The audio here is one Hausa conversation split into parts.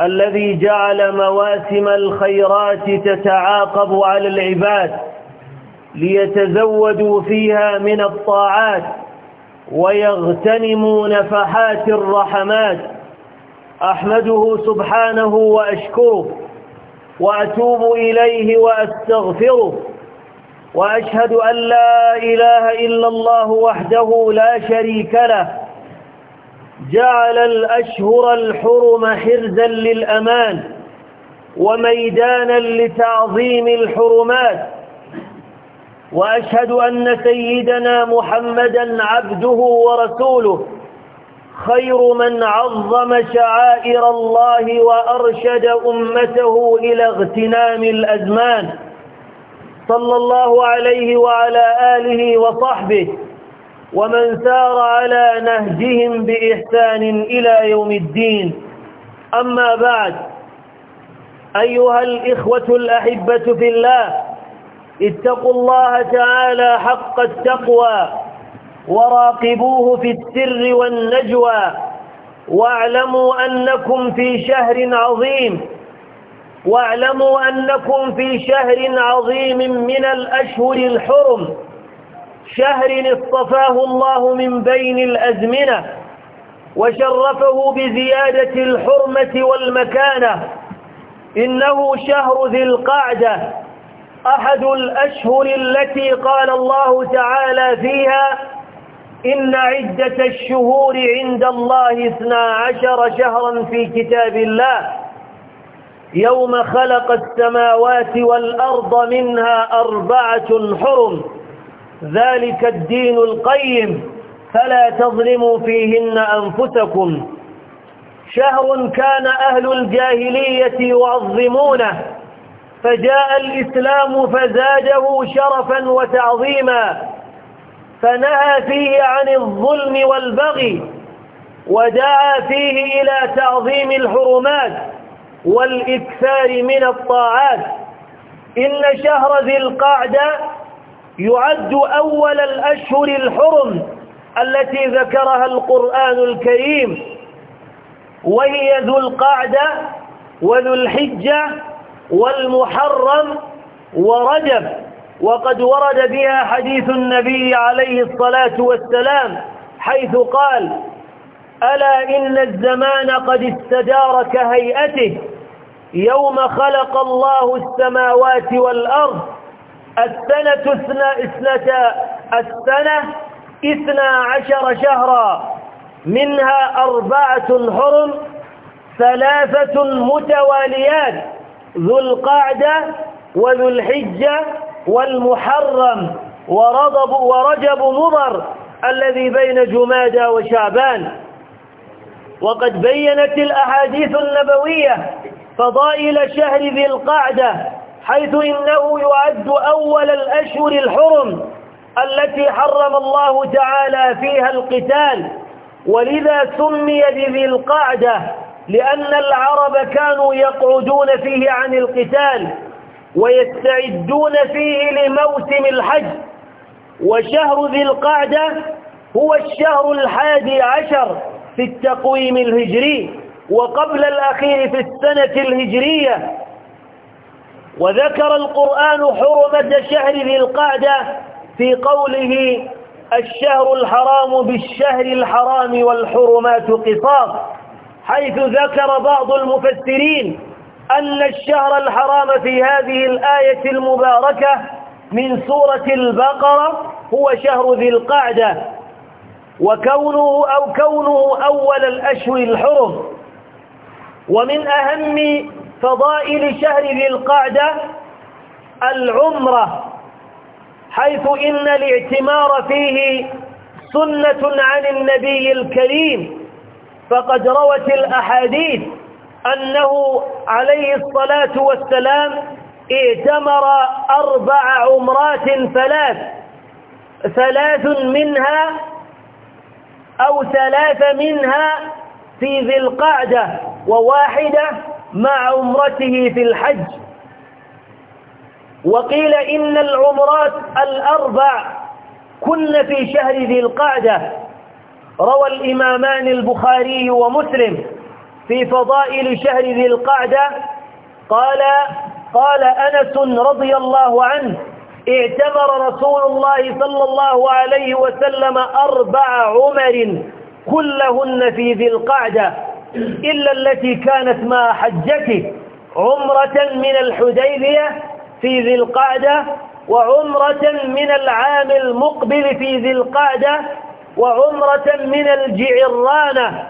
الذي جعل مواسم الخيرات تتعاقب على العباد ليتزودوا فيها من الطاعات ويغتنموا نفحات الرحمات أحمده سبحانه وأشكره وأتوب إليه وأستغفره وأشهد أن لا إله إلا الله وحده لا شريك له جعل الأشهر الحرم حرزا للأمان وميدانا لتعظيم الحرمات وأشهد أن سيدنا محمدا عبده ورسوله خير من عظم شعائر الله وأرشد أمته إلى اغتنام الأزمان صلى الله عليه وعلى آله وصحبه ومن سار على نهجهم بإحسان إلى يوم الدين أما بعد أيها الإخوة الأحبة في الله اتقوا الله تعالى حق التقوى وراقبوه في السر والنجوى واعلموا أنكم في شهر عظيم واعلموا أنكم في شهر عظيم من الأشهر الحرم شهر اصطفاه الله من بين الأزمنة وشرفه بزيادة الحرمة والمكانة إنه شهر ذي القعدة أحد الأشهر التي قال الله تعالى فيها إن عدة الشهور عند الله اثنا عشر شهرا في كتاب الله يوم خلق السماوات والأرض منها أربعة حرم ذلك الدين القيم فلا تظلموا فيهن أنفسكم شهر كان أهل الجاهلية يعظمونه فجاء الإسلام فزاده شرفا وتعظيما فنهى فيه عن الظلم والبغي ودعا فيه إلى تعظيم الحرمات والإكثار من الطاعات إن شهر ذي القعدة يعد أول الأشهر الحرم التي ذكرها القرآن الكريم وهي ذو القعدة وذو الحجة والمحرم ورجب وقد ورد بها حديث النبي عليه الصلاة والسلام حيث قال ألا إن الزمان قد استدار كهيئته يوم خلق الله السماوات والأرض السنة اثنى اثنتا السنة اثنى عشر شهرا منها أربعة حرم ثلاثة متواليات ذو القعدة وذو الحجة والمحرم ورضب ورجب مضر الذي بين جمادى وشعبان وقد بينت الأحاديث النبوية فضائل شهر ذي القعدة حيث إنه يعد أول الأشهر الحرم التي حرم الله تعالى فيها القتال ولذا سمي بذي القعدة لأن العرب كانوا يقعدون فيه عن القتال ويستعدون فيه لموسم الحج وشهر ذي القعدة هو الشهر الحادي عشر في التقويم الهجري وقبل الأخير في السنة الهجرية وذكر القرآن حرمة شهر ذي القعدة في قوله الشهر الحرام بالشهر الحرام والحرمات قصاص حيث ذكر بعض المفسرين أن الشهر الحرام في هذه الآية المباركة من سورة البقرة هو شهر ذي القعدة وكونه أو كونه أول الأشهر الحرم ومن أهم فضائل شهر ذي القعدة العمرة حيث إن الاعتمار فيه سنة عن النبي الكريم فقد روت الأحاديث أنه عليه الصلاة والسلام اعتمر أربع عمرات ثلاث ثلاث منها أو ثلاث منها في ذي القعدة وواحدة مع عمرته في الحج وقيل إن العمرات الأربع كن في شهر ذي القعدة روى الإمامان البخاري ومسلم في فضائل شهر ذي القعدة قال قال أنس رضي الله عنه اعتمر رسول الله صلى الله عليه وسلم أربع عمر كلهن في ذي القعدة إلا التي كانت مع حجته عمرة من الحديبية في ذي القعدة وعمرة من العام المقبل في ذي القعدة وعمرة من الجعرانة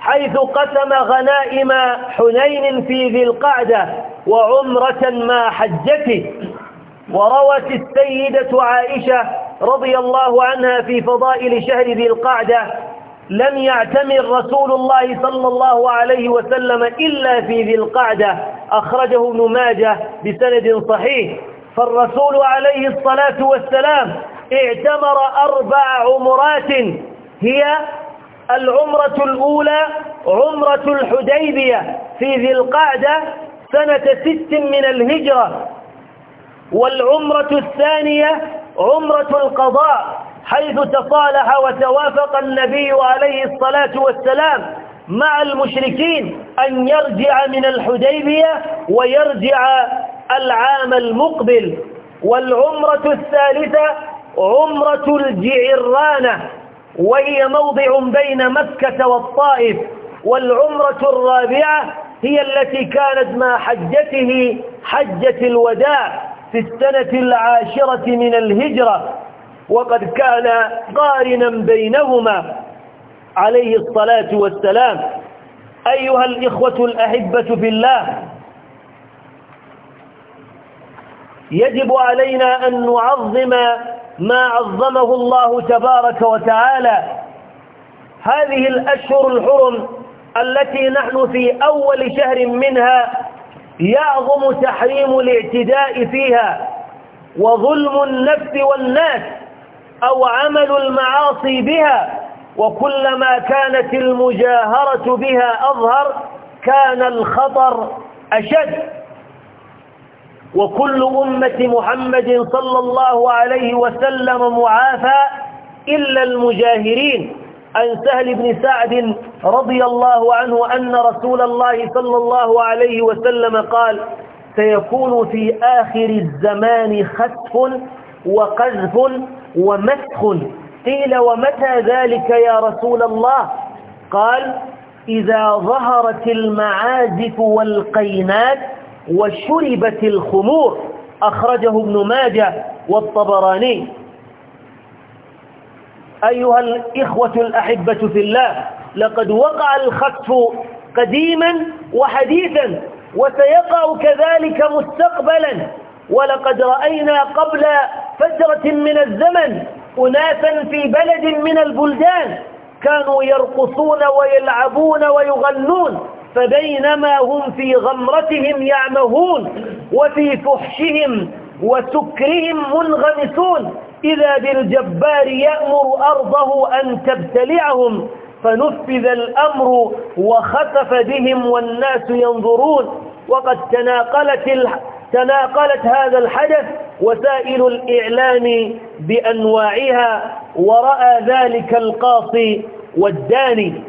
حيث قسم غنائم حنين في ذي القعدة وعمرة ما حجته وروت السيدة عائشة رضي الله عنها في فضائل شهر ذي القعدة لم يعتمر رسول الله صلى الله عليه وسلم إلا في ذي القعدة أخرجه ابن ماجه بسند صحيح فالرسول عليه الصلاة والسلام اعتمر أربع عمرات هي العمرة الأولى عمرة الحديبية في ذي القعدة سنة ست من الهجرة والعمرة الثانية عمرة القضاء حيث تصالح وتوافق النبي عليه الصلاة والسلام مع المشركين أن يرجع من الحديبية ويرجع العام المقبل والعمرة الثالثة عمرة الجعرانة وهي موضع بين مكة والطائف والعمرة الرابعة هي التي كانت مع حجته حجة الوداع في السنة العاشرة من الهجرة وقد كان قارنا بينهما عليه الصلاة والسلام أيها الإخوة الأحبة في الله يجب علينا أن نعظم ما عظمه الله تبارك وتعالى هذه الأشهر الحرم التي نحن في أول شهر منها يعظم تحريم الاعتداء فيها وظلم النفس والناس أو عمل المعاصي بها وكلما كانت المجاهرة بها أظهر كان الخطر أشد وكل أمة محمد صلى الله عليه وسلم معافى إلا المجاهرين عن سهل بن سعد رضي الله عنه أن رسول الله صلى الله عليه وسلم قال سيكون في آخر الزمان خسف وقذف ومسخ قيل ومتى ذلك يا رسول الله قال إذا ظهرت المعازف والقينات وشربت الخمور أخرجه ابن ماجه والطبراني أيها الإخوة الأحبة في الله لقد وقع الخطف قديما وحديثا وسيقع كذلك مستقبلا ولقد رأينا قبل فترة من الزمن أناسا في بلد من البلدان كانوا يرقصون ويلعبون ويغنون فبينما هم في غمرتهم يعمهون وفي فحشهم وسكرهم منغمسون إذا بالجبار يأمر أرضه أن تبتلعهم فنفذ الأمر وخسف بهم والناس ينظرون وقد تناقلت تناقلت هذا الحدث وسائل الإعلام بأنواعها ورأى ذلك القاصي والداني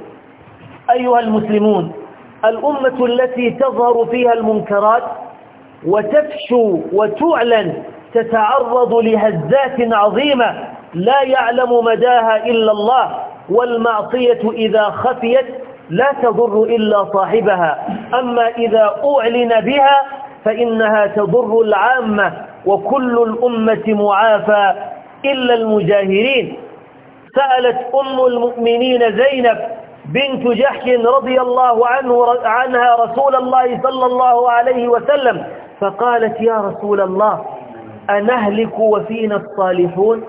أيها المسلمون الأمة التي تظهر فيها المنكرات وتفشو وتعلن تتعرض لهزات عظيمة لا يعلم مداها إلا الله والمعصية إذا خفيت لا تضر إلا صاحبها أما إذا أعلن بها فإنها تضر العامة وكل الأمة معافى إلا المجاهرين سألت أم المؤمنين زينب بنت جحش رضي الله عنه عنها رسول الله صلى الله عليه وسلم فقالت يا رسول الله أنهلك وفينا الصالحون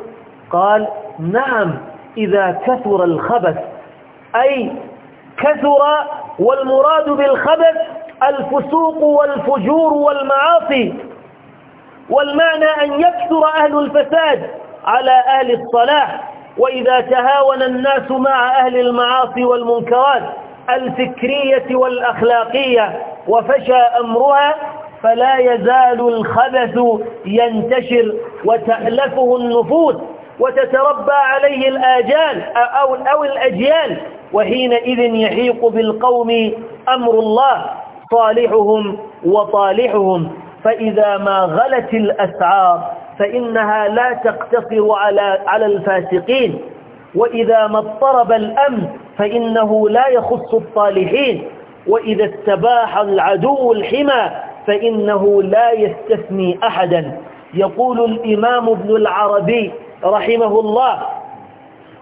قال نعم إذا كثر الخبث أي كثر والمراد بالخبث الفسوق والفجور والمعاصي والمعنى أن يكثر أهل الفساد على أهل الصلاح وإذا تهاون الناس مع أهل المعاصي والمنكرات الفكرية والأخلاقية وفشى أمرها فلا يزال الخبث ينتشر وتألفه النفوس وتتربى عليه الآجال أو, أو الأجيال وحينئذ يحيق بالقوم أمر الله طالعهم وطالعهم فإذا ما غلت الأسعار فإنها لا تقتصر على على الفاسقين وإذا ما اضطرب الأمن فإنه لا يخص الطالحين وإذا استباح العدو الحمى فإنه لا يستثني أحدا يقول الإمام ابن العربي رحمه الله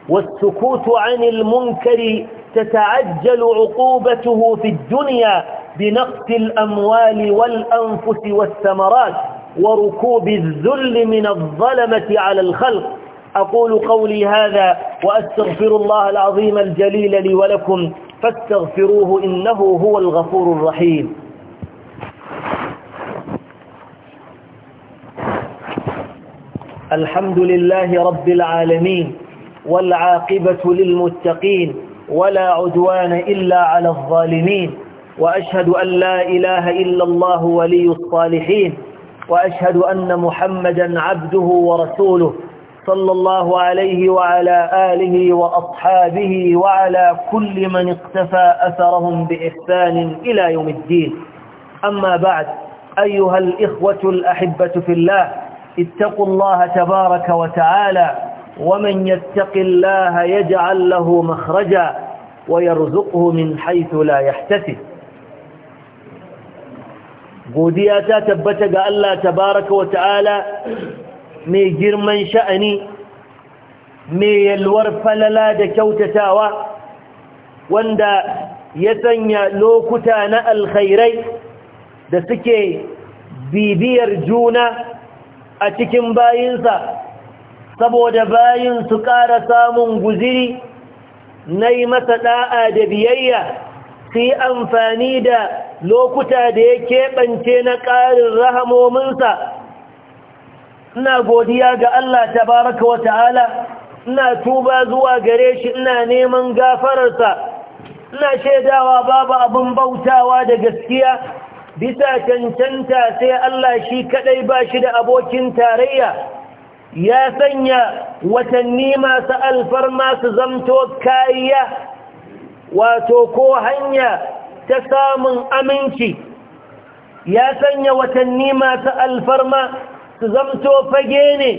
والسكوت عن المنكر تتعجل عقوبته في الدنيا بنقص الأموال والأنفس والثمرات وركوب الذل من الظلمة على الخلق أقول قولي هذا وأستغفر الله العظيم الجليل لي ولكم فاستغفروه إنه هو الغفور الرحيم الحمد لله رب العالمين والعاقبة للمتقين ولا عدوان إلا على الظالمين وأشهد أن لا إله إلا الله ولي الصالحين وأشهد أن محمدا عبده ورسوله صلى الله عليه وعلى آله وأصحابه وعلى كل من اقتفى أثرهم بإحسان إلى يوم الدين أما بعد أيها الإخوة الأحبة في الله اتقوا الله تبارك وتعالى ومن يتق الله يجعل له مخرجا ويرزقه من حيث لا يحتسب godiya ta tabbata ga Allah tabaraka wa ta'ala mai girman sha'ani mai yalwar falala da kyautatawa wanda ya sanya lokuta na alkhairai da suke bibiyar juna a cikin bayinsa saboda bayin su ƙara samun guziri na yi masa ɗa'a da biyayya su yi amfani da lokuta da ya keɓance na ƙarin rahamominsa ina godiya ga Allah tabaraka wa ta'ala ina tuba zuwa gare shi ina neman gafararsa ina shaidawa babu abin bautawa da gaskiya bisa cancanta sai Allah shi kadai ba shi da abokin tarayya ya sanya watanni masu alfarma su zamto kariya wato ko hanya ta samun aminci ya sanya watanni masu alfarma su zamto fage ne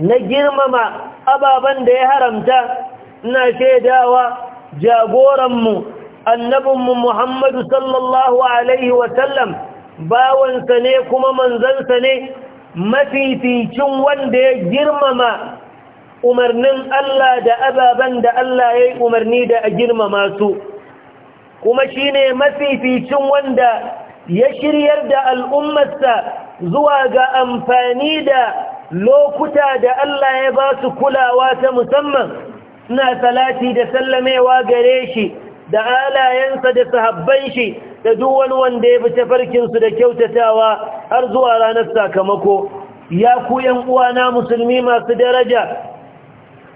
na girmama ababen da ya haramta ina shaidawa jagoranmu annabinmu muhammadu sallallahu alaihi wasallam bawansa ne kuma manzansa ne mafificin wanda ya girmama umarnin Allah da ababen da Allah ya yi umarni da a girmama su kuma shi ne mafificin wanda ya shiryar da al'ummarsa zuwa ga amfani da lokuta da Allah ya ba su kulawa ta musamman suna salati da sallamewa gare shi da alayensa da sahabban shi da duk wani wanda ya fi tafarkinsu da kyautatawa har zuwa ranar sakamako ya ku uwana musulmi masu daraja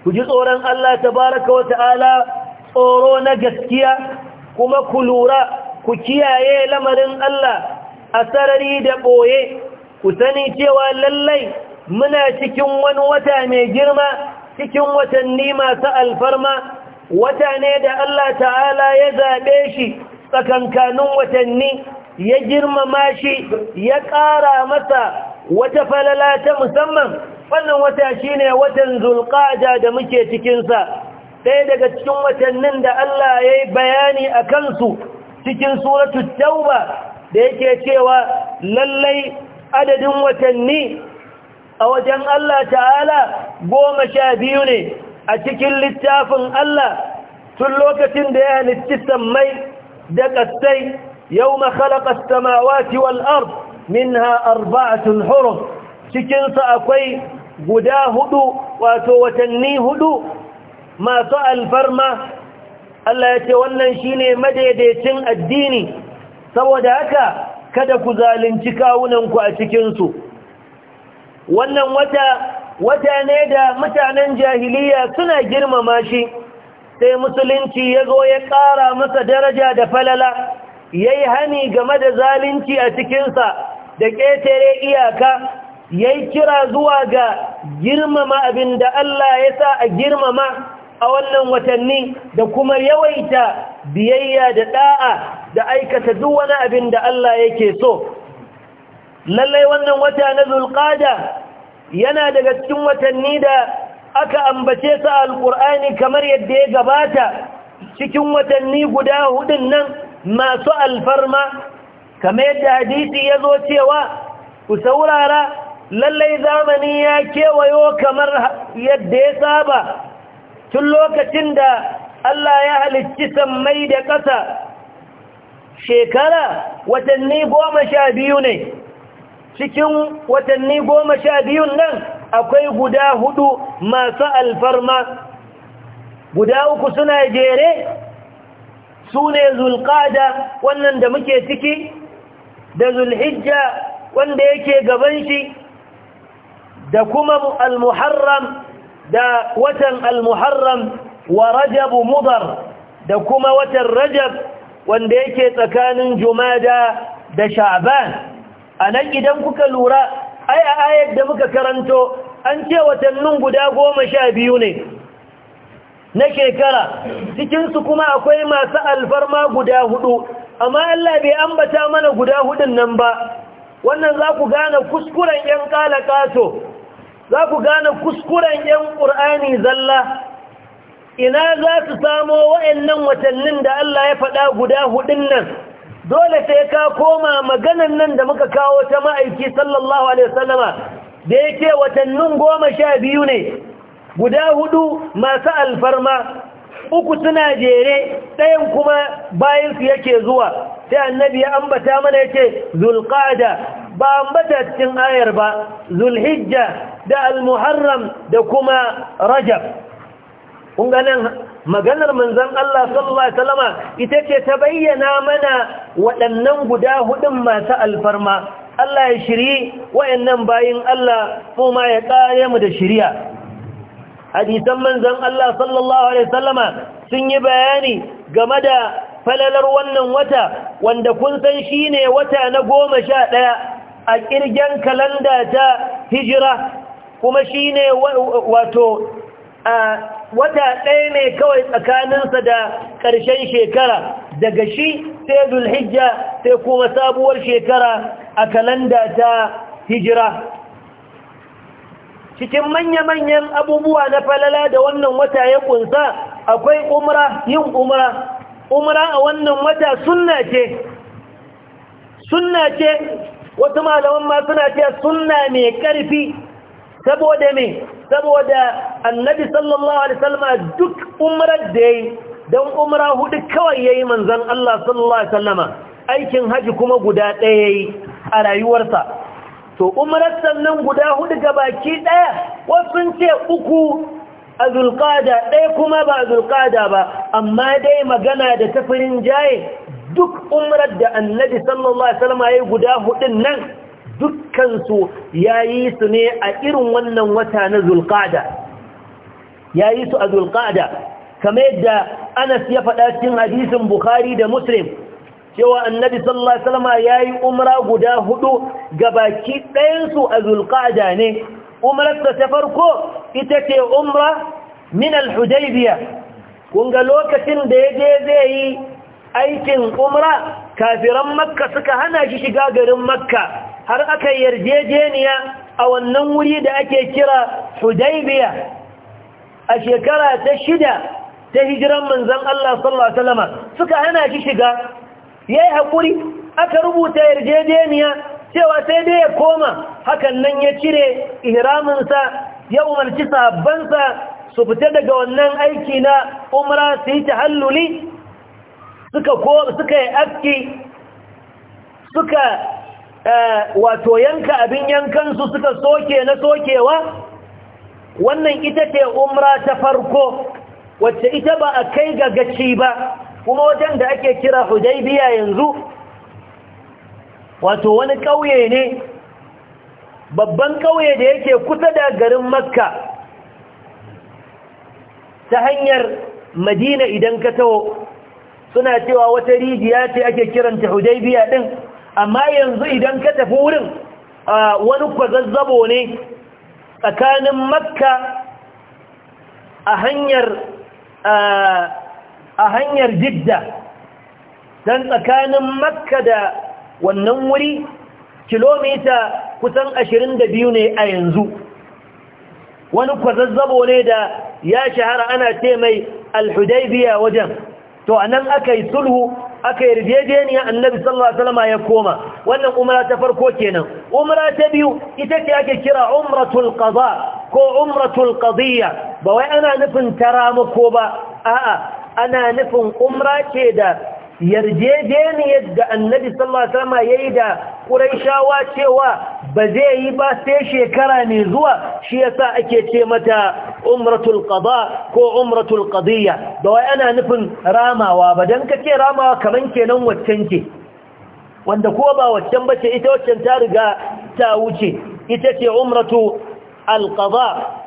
ku ji tsoron Allah tabaraka wa ta'ala tsoro na gaskiya kuma ku lura ku kiyaye lamarin Allah a sarari da ɓoye ku sani cewa lallai muna cikin wani wata mai girma cikin watanni masu alfarma wata ne da Allah ta'ala ya zaɓe shi tsakankanin watanni ya girmama shi ya ƙara masa wata falala ta musamman wannan wata shine watan zulqa'da da muke cikin sa sai daga cikin watannin da Allah yayi bayani akan su cikin suratul tauba da yake cewa lallai adadin watanni a wajen Allah ta'ala goma sha biyu ne a cikin littafin Allah tun lokacin da ya halitti sammai da ƙasai, yau ma khalaqa as-samawati wal ard minha arba'atun tun cikin cikinsa akwai guda hudu wato watanni hudu masu alfarma Allah ya ce wannan shine madaidaicin addini saboda haka kada ku zalunci kawunanku a cikinsu. wannan wata wata ne da mutanen jahiliya suna girmama shi sai musulunci ya zo ya ƙara masa daraja da falala ya yi hani game da zalunci a cikinsa da ƙetare iyaka ya yi kira zuwa ga girmama abin da Allah ya sa a girmama a wannan watanni da kuma yawaita biyayya da ɗa'a da aikata duk wani abin da Allah yake so lallai wannan wata na zulƙada yana daga cikin watanni da aka ambace sa alƙur'ani kamar yadda ya gabata cikin watanni guda hudun nan masu alfarma kamar yadda hadisi ya zo cewa ku saurara lallai zamani ya kewayo kamar yadda ya saba tun lokacin da Allah ya halicci sammai da ƙasa shekara watanni goma sha biyu ne cikin watanni goma sha biyun nan akwai guda hudu masu alfarma guda uku suna jere su ne zulƙada wannan da muke ciki da zulhijja wanda yake gaban shi da kuma al-muharram da watan al-muharram wa rajab mudar da kuma watan rajab wanda yake tsakanin jumada da sha'ban anan idan kuka lura ai a ayar da muka karanto an ce watannin guda goma sha biyu ne na shekara cikinsu kuma akwai masu alfarma guda hudu amma Allah bai ambata mana guda hudun nan ba wannan za ku gane kuskuren 'yan kalakato za ku gane kuskuren 'yan ƙur'ani zalla ina za su samo wa'annan watannin da Allah ya faɗa guda hudun nan dole sai ka koma maganan nan da muka kawo ta ma'aiki sallallahu alaihi wasallama da yake watannin goma sha biyu ne guda hudu masu alfarma uku suna jere ɗayan kuma bayansu yake zuwa sai annabi ya ambata mana yake zulqada ba ambata cikin ayar ba zulhijja da almuharram da kuma rajab kun maganar manzon Allah sallallahu alaihi wasallama ita ce ta bayyana mana waɗannan guda hudun masu alfarma Allah ya shiri wayannan bayin Allah kuma ya kare mu da shiriya hadisan manzon Allah sallallahu alaihi sun yi bayani game da falalar wannan wata wanda kun san shine wata na goma sha ɗaya a kirgen kalanda ta hijira kuma shine wato wata ɗaya ne kawai tsakaninsa da ƙarshen shekara daga shi sai zulhijja sai kuma sabuwar shekara a kalanda ta hijira cikin manya-manyan abubuwa na falala da wannan wata ya kunsa akwai umra yin umra umra a wannan wata sunna ce sunna ce wasu malaman ma suna ce sunna mai karfi saboda me saboda annabi sallallahu alaihi wasallam duk umrar da yayi dan umra hudu kawai yayi manzon Allah sallallahu alaihi wasallama aikin haji kuma guda ɗaya yayi a rayuwarsa to umrar sannan guda hudu baki ɗaya, wasu ce uku a zulkada ɗaya kuma ba a ba amma dai magana da tafirin jaye duk umrar da annabi sallallahu alaihi wasallam yayi guda hudun nan dukkansu su yayi su ne a irin wannan wata na zulqada yayi su a zulƙada kamar yadda Anas ya faɗa cikin hadisin Bukhari da Muslim cewa annabi sallallahu alaihi wasallam yayi umra guda hudu gabaki ɗayan su a zulqa'da ne umrar ta farko ita ce umra min al-hudaybiya kun ga lokacin da yaje zai yi aikin umra kafiran makka suka hana shi shiga garin makka har aka yarjejeniya a wannan wuri da ake kira hudaybiya a shekara ta shida ta hijiran manzon Allah sallallahu alaihi wasallam suka hana shi shiga ya hakuri aka rubuta yarjejeniya cewa sai dai ya koma hakan nan ya cire ihraminsa ya umarci sabbansa su fita daga wannan aiki na umra su yi tahalluli suka yi aski suka eh, wato yanka abin yankansu suka soke na sokewa wannan ita ce umra ta farko wacce ita ba a kai ga gaci ba kuma wajen da ake kira Hudaibiya yanzu wato wani ƙauye ne babban ƙauye da yake kusa da garin makka ta hanyar madina idan ka taho suna cewa wata rijiya ce ake kiranta Hudaibiya din amma yanzu idan ka tafi wurin wani kwazazzabo ne tsakanin makka a hanyar a hanyar jidda don tsakanin makka da wannan wuri kilomita kusan ashirin da biyu ne a yanzu wani kwazazzabo ne da ya shahara ana ce mai alhudaibiya wajen to a nan aka yi sulhu aka yi rijejeniya annabi sallallahu ya koma wannan umra ta farko kenan umra ta biyu ita ce ake kira umratul qada ko umratul qadiyya ba wai ana nufin ta ramako ba a'a ana nufin umra ce da yarjejeniyar da annabi sallallahu alaihi wasallam yayi da quraishawa cewa ba zai yi ba sai shekara ne zuwa shi yasa ake ce mata umratul qada ko umratul qadiyya ba wai ana nufin ramawa ba dan kake ramawa kaman kenan waccan ce wanda ko ba waccan bace ita waccan ta riga ta wuce ita ce umratu al qada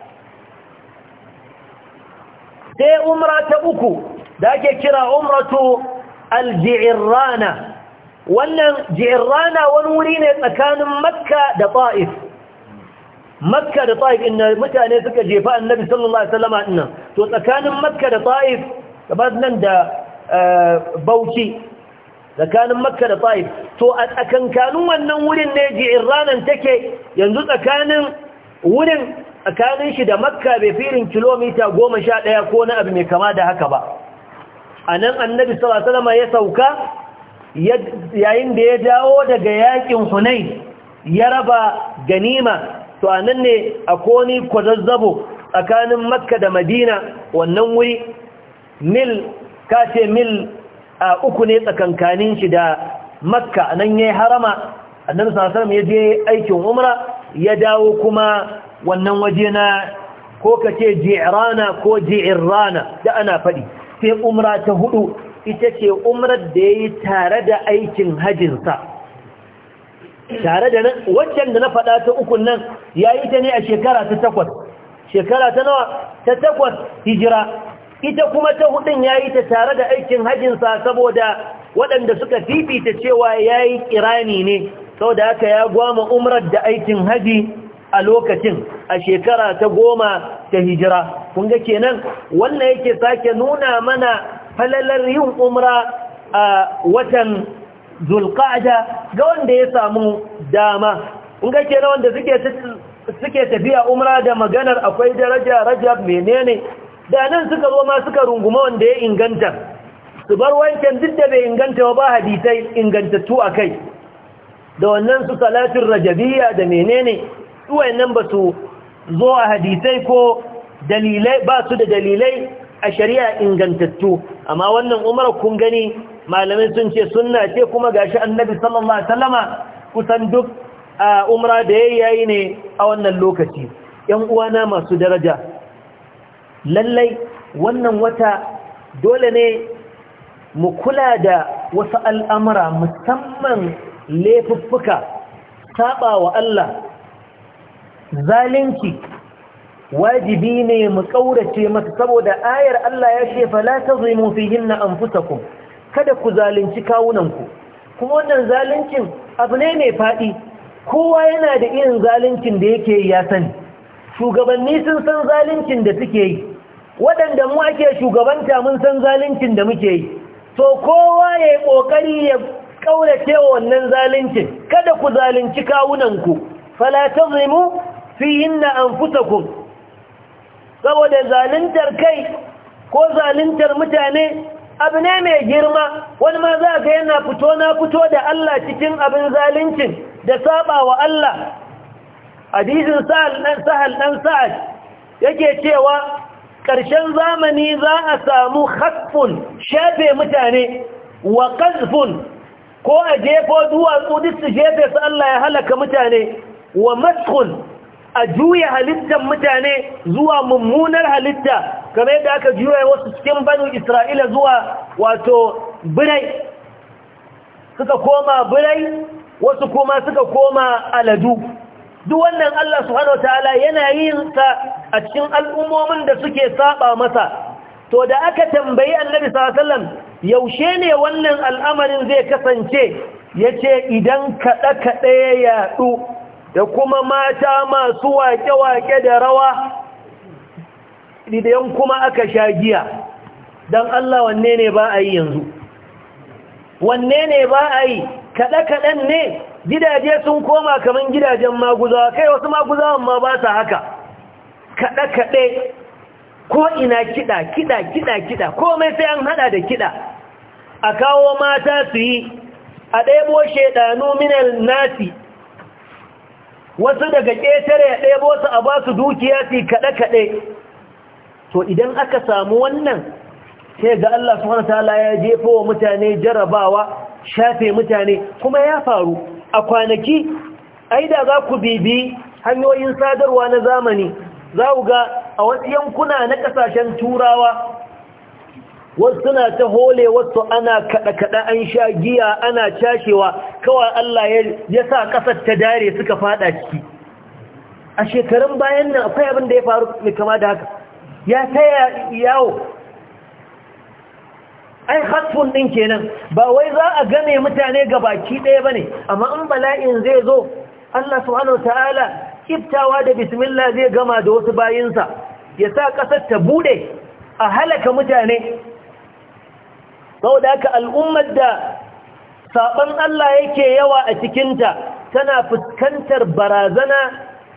sai umra ta uku da ake kira umratu alji'irrana wannan ji'irrana wani wuri ne tsakanin makka da ta'if makka da ta'if inda mutane suka jefa annabi sallallahu alaihi wasallam dinnan to tsakanin makka da ta'if gaban nan da eh, bauchi tsakanin makka da ta'if to a tsakankanin wannan wurin ne ji'irranan take yanzu tsakanin wurin tsakanin shi da makka bai firin kilomita goma sha ɗaya ko na abu mai kama da haka ba a nan annabi salama ya sauka yayin da ya dawo daga yakin hunai ya raba ganima to a nan ne a koni kwazazzabo tsakanin makka da madina wannan wuri mil kace mil a uku ne tsakankanin shi da makka a nan ya yi harama annabi salama ya je aikin umra ya dawo kuma wannan waje na ko kace ji'rana ko ji'irrana da ana faɗi sai umra ta hudu ita ce umrar da ya yi tare da aikin hajjinsa tare da nan waccan da na faɗa ta ukun nan ya yi ta ne a shekara ta takwas shekara ta nawa ta takwas hijira ita kuma ta hudun ya yi ta tare da aikin hajjinsa saboda waɗanda suka fifita cewa ya yi kirani ne sau da haka ya gwama umrar da aikin haji a lokacin a shekara ta goma ta hijira kun ga kenan wannan yake sake nuna mana falalar yin umra a watan zulqa'da ga wanda ya samu dama kun ga kenan wanda suke suke tafiya umra da maganar akwai daraja rajab menene da nan suka zo ma suka runguma wanda ya inganta su bar wancan duk da bai inganta ba hadisai ingantattu akai da wannan su salatin rajabiyya da menene su wayannan ba su zo a hadisai ko dalilai ba su da dalilai a shari'a ingantattu amma wannan umar kun gani malamai sun ce sunna ce kuma ga shi annabi sallallahu alaihi wasallama kusan duk umra da yayi ne a wannan lokaci yan uwana masu daraja lallai wannan wata dole ne mu kula da wasu al'amura musamman laifuffuka saba wa Allah zalunci wajibi ne mu kaurace masa saboda ayar Allah ya ce la tazimu fihinna anfusakum kada ku zalunci kawunanku kuma wannan zaluncin abu ne mai fadi kowa yana da irin zaluncin da yake ya sani shugabanni sun san zaluncin da suke yi waɗanda mu ake shugabanta mun san zaluncin da muke yi to kowa ya yi ƙoƙari ya ƙaurace wannan zaluncin kada ku zalunci kawunanku fala tazimu fihinna anfusakum saboda zaluntar kai ko zaluntar mutane abu ne mai girma wani ma za ga yana fito na fito da Allah cikin abin zaluncin da saba wa Allah hadisin sahal dan sahal dan sa'ad yake cewa ƙarshen zamani za a samu khasfun shafe mutane wa qazfun ko a jefo duwatsu duk su jefe su Allah ya halaka mutane wa maskun a juya halittar mutane zuwa mummunar halitta kamar yadda aka juya wasu cikin banu isra'ila zuwa wato birai suka koma birai wasu kuma suka koma aladu duk wannan Allah subhanahu wataala yana yin sa a cikin al'ummomin da suke saba masa to da aka tambayi annabi sallallahu alaihi wasallam yaushe ne wannan al'amarin zai kasance yace idan kada kada ya yadu da kuma mata masu wake-wake da rawa idan kuma aka sha giya don Allah wanne ne ba a yi yanzu wanne ne ba a yi kaɗe-kaɗen ne gidaje sun koma kamar gidajen maguzawa kai wasu maguzawan ma ba ta haka kaɗe-kaɗe ko ina kiɗa kiɗa kiɗa kiɗa komai sai an haɗa da kiɗa a kawo mata su yi a ɗaibo shaidanu minal nasi wasu daga ƙetare ya ɗebo wasu a ba su dukiya su kaɗe-kaɗe to idan aka samu wannan sai ga Allah subhanahu ta'ala ya jefo wa mutane jarabawa shafe mutane kuma ya faru a kwanaki ai da za ku bibi hanyoyin sadarwa na zamani za ku ga a wasu yankuna na ƙasashen turawa wasu na ta hole wasu ana kada-kada an sha giya ana cashewa kawai Allah ya sa kasar ta dare suka fada ciki a shekarun bayan nan akwai abin da ya faru mai kama da haka ya taya yawo ai hatfun din kenan ba wai za a gane mutane ga baki ɗaya ba ne amma in bala'in zai zo Allah subhanahu ta'ala kiftawa da bismillah zai gama da wasu bayinsa ya sa ƙasar ta bude a halaka mutane saboda haka al'ummar da saɓon Allah yake yawa a cikinta tana fuskantar barazana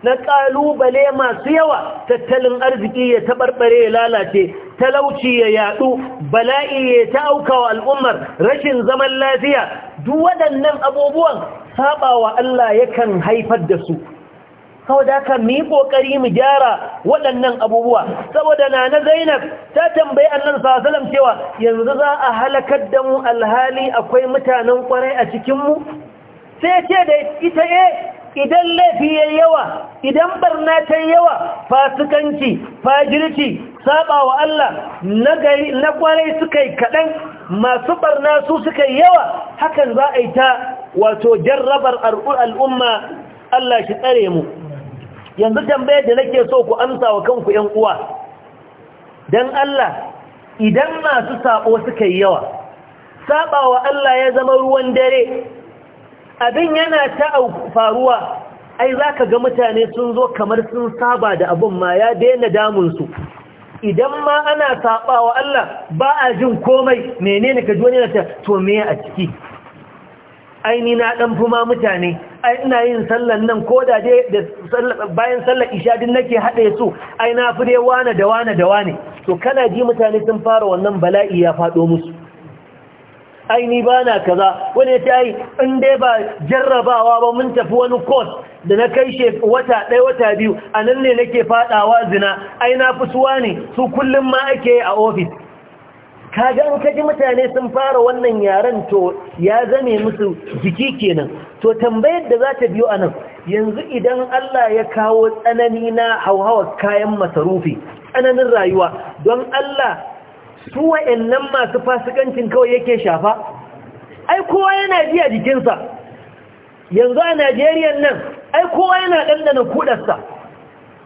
na ƙalubale masu yawa tattalin arziki ya taɓarɓare ya lalace talauci ya yaɗu bala'i ya ta'auka wa al'ummar rashin zaman lafiya duk waɗannan abubuwan saɓawa Allah yakan haifar da su sau da haka mu yi ƙoƙari mu gyara waɗannan abubuwa saboda na na zainab ta tambayi annan sasalam cewa yanzu za a halakar da mu alhali akwai mutanen ƙwarai a cikinmu sai ce da ita e idan laifi ya yawa idan barna ta yawa fasikanci fajirci saba wa Allah na ƙwarai suka yi kaɗan masu barna su suka yi yawa hakan za a yi ta wato jarrabar al'umma Allah shi tsare mu yanzu tambayar da nake so ku amsa wa kanku ‘yan uwa dan Allah idan masu sabo suka yi yawa saba wa Allah ya zama ruwan dare abin yana ta faruwa ai zaka ga mutane sun zo kamar sun saba da abun ma ya daina damun su idan ma ana saba wa Allah ba a jin komai menene ka ji wani na ta to me a ciki aini na dan fuma mutane ai ina yin sallan nan ko da bayan sallar isha din nake haɗe su ai na fi dai wane da wane da wane to kana ji mutane sun fara wannan bala'i ya fado musu aini ba na kaza wani ya ce in dai ba jarrabawa ba mun tafi wani course da na kai she wata ɗaya wata biyu a nan ne nake fadawa zina ai na fi suwa ne su kullum ma ake a ofis kaga an kaji mutane sun fara wannan yaren to ya zame musu jiki kenan to tambayar da za ta biyo nan yanzu idan Allah ya kawo tsanani na hauhawa kayan masarufi tsananin rayuwa don Allah su wa'annan masu fasikancin kawai yake shafa ai kowa yana ji a jikinsa yanzu a Najeriya nan ai kowa yana ɗanɗana kudarsa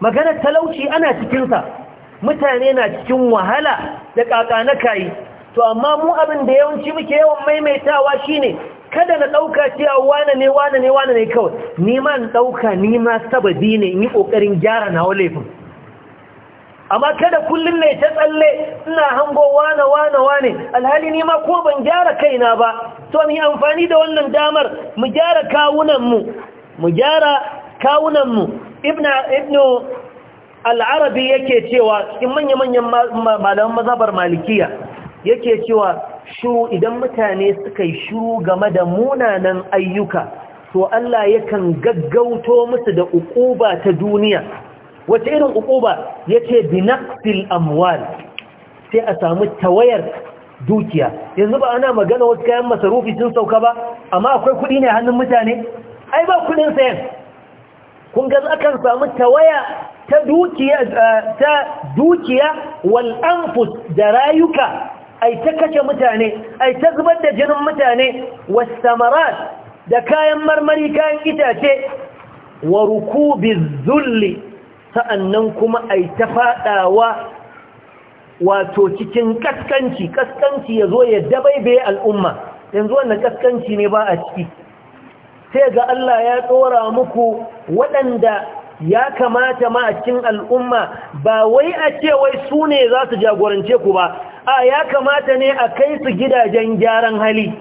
maganar talauci ana cikinsa mutane na cikin wahala da kaka na kayi to amma mu abin da yawanci muke yawan maimaitawa shine kada na ɗauka cewa wane ne wane ne wane ne kawai nima na ɗauka nima sababi ne in yi ƙoƙarin gyara na laifin amma kada kullum ne ta tsalle ina hango wane wane wane alhali nima ko ban gyara kaina ba to mu amfani da wannan damar mu gyara kawunanmu mu gyara kawunanmu ibnu al'arabi yake cewa cikin manya-manyan malaman mazabar malikiya yake cewa shuru idan mutane suka yi shuru game da munanan ayyuka to Allah yakan gaggauto musu da ukuba ta duniya wace irin ukuba Ya ce binaqsil amwal sai a samu tawayar dukiya yanzu ba ana magana wasu kayan masarufi sun sauka ba amma akwai kuɗi ne hannun mutane ai ba kuɗin sayan kun akan samu tawaya ta dukiya ta dukiya wal anfus da rayuka ai ta kace mutane ai ta zubar da jinin mutane was samarat da kayan marmari kayan itace wa rukubiz zulli sa'annan kuma ai ta fadawa wato cikin kaskanci kaskanci yazo ya dabaibe al'umma yanzu wannan kaskanci ne ba a ciki sai ga Allah ya tsora muku waɗanda ya kamata ma a cikin al'umma ba wai a ce wai su ne za su jagorance ku ba a ya kamata ne a kai su gidajen gyaran hali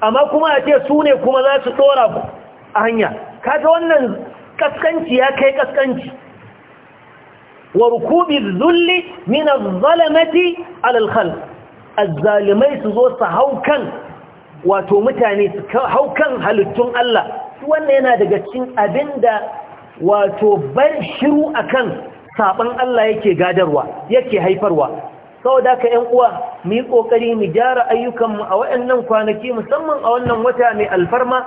amma kuma a ce su ne kuma za su tsora a hanya kaga wannan kaskanci ya kai kaskanci wa zulli min zalamati ala al su zo su haukan wato mutane su haukan halittun Allah wannan yana daga cikin abin da wato bar shiru a kan saɓan Allah yake gadarwa yake haifarwa da ka ’yan’uwa uwa mu yi mu gyara ayyukanmu a waɗannan kwanaki musamman a wannan wata mai alfarma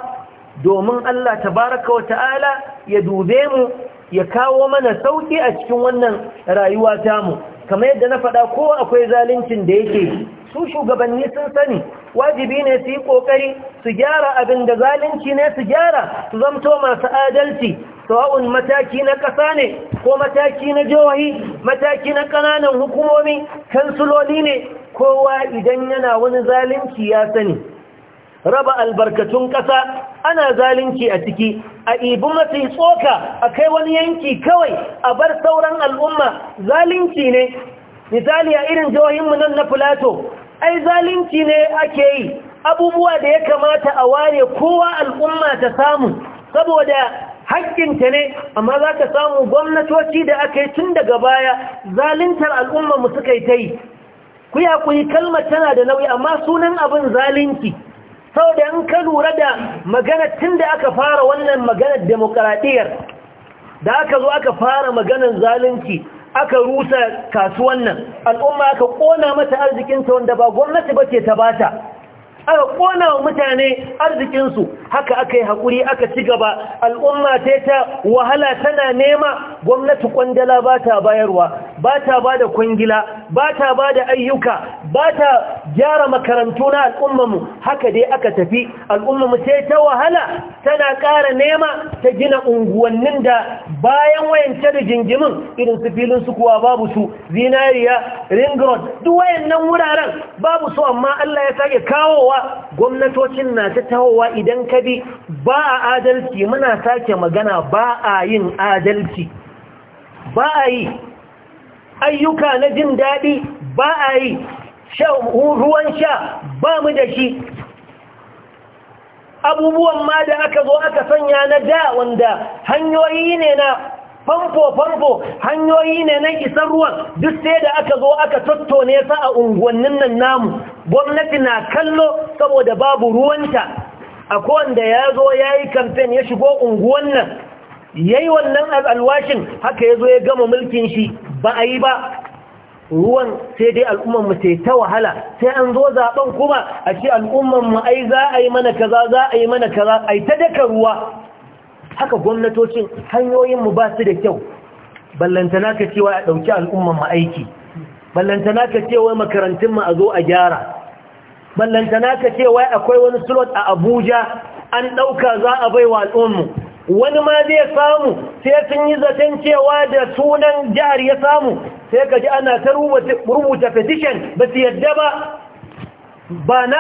domin Allah baraka wa ta'ala ya dube mu ya kawo mana sauƙi a cikin wannan rayuwa tamu kamar yadda na faɗa kowa akwai zaluncin da yake su shugabanni sun sani wajibi ne su yi kokari su gyara abin da zalunci ne su gyara su zamto masu adalci sawa'un mataki na ƙasa ne ko mataki na jihohi mataki na ƙananan hukumomi kansuloli ne kowa idan yana wani zalunci ya sani raba albarkatun ƙasa ana zalunci a ciki a ibi mafi tsoka a kai wani yanki kawai a bar sauran al'umma zalunci ne misali a irin jihohinmu nan na filato ai zalunci ne ake yi abubuwa da ya kamata a ware kowa al'umma ta samu saboda haƙƙinta ne amma za ka samu gwamnatoci da aka yi tun daga baya zaluntar al'umma mu suka yi ta yi ku yi kalmar tana da nauyi amma sunan abin zalunci saboda in ka lura da magana tun da aka fara wannan maganar demokaraɗiyar da aka zo aka fara maganar zalunci aka rusa kasuwan nan al'umma aka kona mata arzikinta wanda ba gwamnati ba ce ta bata aka kona wa mutane arzikinsu haka aka yi haƙuri aka ci gaba al'umma ta ta wahala tana nema gwamnati kwandala ba ta bayarwa ba ta ba da kwangila ba ta ba da ayyuka ba ta gyara makarantu na al'ummanmu haka dai aka tafi al'ummanmu sai ta wahala tana ƙara nema ta gina unguwannin da bayan wayance da jingimin irin su filin su kuwa babu su zinariya ringrod duk wayannan wuraren babu su amma Allah ya sake kawowa gwamnatocin na ta tahowa idan ka bi ba a adalci muna sake magana ba a yin adalci ba a yi ayyuka na jin daɗi ba a yi ruwan sha ba mu da shi abubuwan ma da aka zo aka sanya na da wanda hanyoyi ne na famfo-famfo hanyoyi ne na isar ruwan duk sai da aka zo aka tattone sa a unguwannin nan namu gwamnati na kallo saboda babu ruwanta a kowanda ya zo ya yi kamfen ya shigo unguwan nan ya yi wannan alwashin haka ya zo ya gama mulkin shi ba a yi ba ruwan sai dai al'ummanmu sai ta wahala sai an zo zaben kuma a ce al'ummanmu ai za a yi mana kaza za a yi mana kaza ai ta daka ruwa haka gwamnatocin hanyoyinmu ba su da kyau ballantana ka cewa a ɗauki al'umman mu aiki ballantana ka cewa mu a zo a gyara ballantana ka cewa akwai wani slot a abuja an ɗauka za a baiwa wa al'ummu wani ma zai samu sai sun yi zaton cewa da sunan jihar ya samu sai ka ji ana ta rubuta petition ba su yadda ba ba na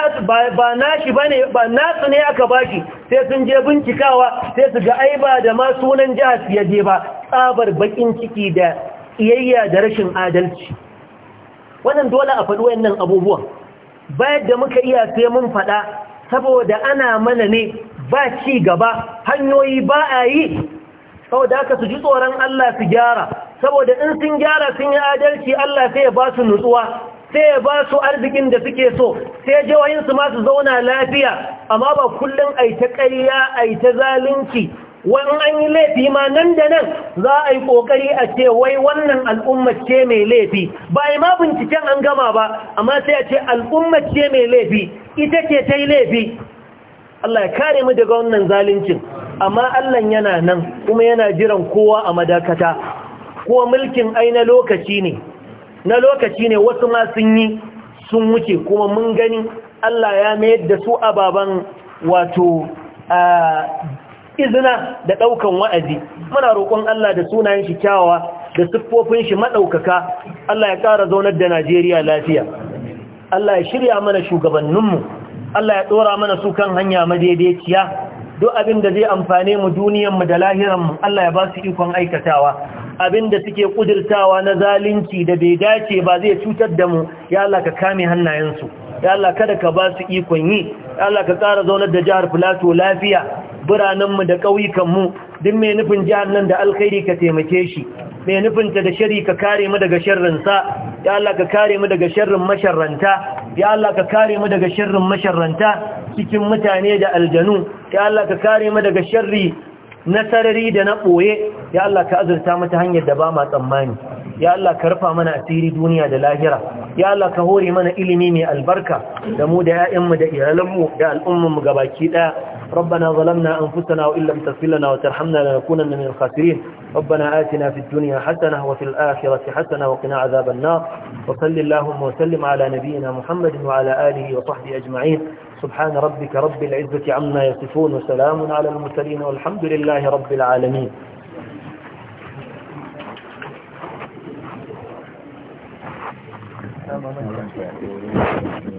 shi ba ne ba su ne aka bashi sai sun je bincikawa sai su ga aiba da ma sunan jihar su yaje ba tsabar bakin ciki da iyayya da rashin adalci wannan dole a faɗi wayannan abubuwan bayan da muka iya sai mun faɗa saboda ana mana ne ba ci gaba hanyoyi ba a yi saboda haka su ji tsoron Allah su gyara saboda in sun gyara sun yi adalci Allah sai ya ba su nutsuwa sai ya ba su arzikin da suke so sai jawayin su masu zauna lafiya amma ba kullum ai ta ƙarya ai ta zalunci wani an yi laifi ma nan da nan za a yi ƙoƙari a ce wai wannan al'ummar ce mai laifi ba yi ma binciken an gama ba amma sai a ce al'ummar ce mai laifi ita ce ta yi laifi Allah ya kare mu daga wannan zaluncin amma Allah yana nan kuma yana jiran kowa a madakata ko mulkin aina lokaci ne na lokaci ne wasu ma sun yi sun wuce kuma mun gani Allah ya mayar da su ababan wato izina da ɗaukan wa'azi muna roƙon Allah da sunayen shi kyawawa da siffofin shi maɗaukaka Allah ya ƙara zaunar da Najeriya lafiya Allah ya shirya mana shugabanninmu Allah ya ɗora mana su kan hanya madaidaiciya duk abin da zai amfane mu duniyanmu da lahiranmu Allah ya ba su ikon aikatawa Abin da suke kudirtawa na zalunci da bai dace ba zai cutar da mu ya Allah ka kame hannayensu ya Allah kada ka ba su ikon yi ya Allah ka tsara zaunar da jihar Filato lafiya biranenmu da ƙauyukanmu duk mai nufin jihar nan da alkhairi ka taimake shi mai nufinta da shari ka kare mu daga sharrinsa ya Allah ka kare mu daga sharrin masharranta ya Allah ka kare mu daga sharrin masharranta cikin mutane da aljanu ya Allah ka kare mu daga sharri na sarari da na ɓoye ya Allah ka azurta mata hanyar da ba ma tsammani ya Allah ka rufa mana asiri duniya da lahira ya Allah ka hore mana ilimi mai albarka da mu da ‘ya'yanmu da iyalanmu da al'ummarmu gabaki ɗaya ربنا ظلمنا أنفسنا وإن لم تغفر لنا وترحمنا لنكونن من الخاسرين ربنا آتنا في الدنيا حسنة وفي الآخرة حسنة وقنا عذاب النار وصل اللهم وسلم على نبينا محمد وعلى آله وصحبه أجمعين سبحان ربك رب العزة عما يصفون وسلام على المرسلين والحمد لله رب العالمين Thank you.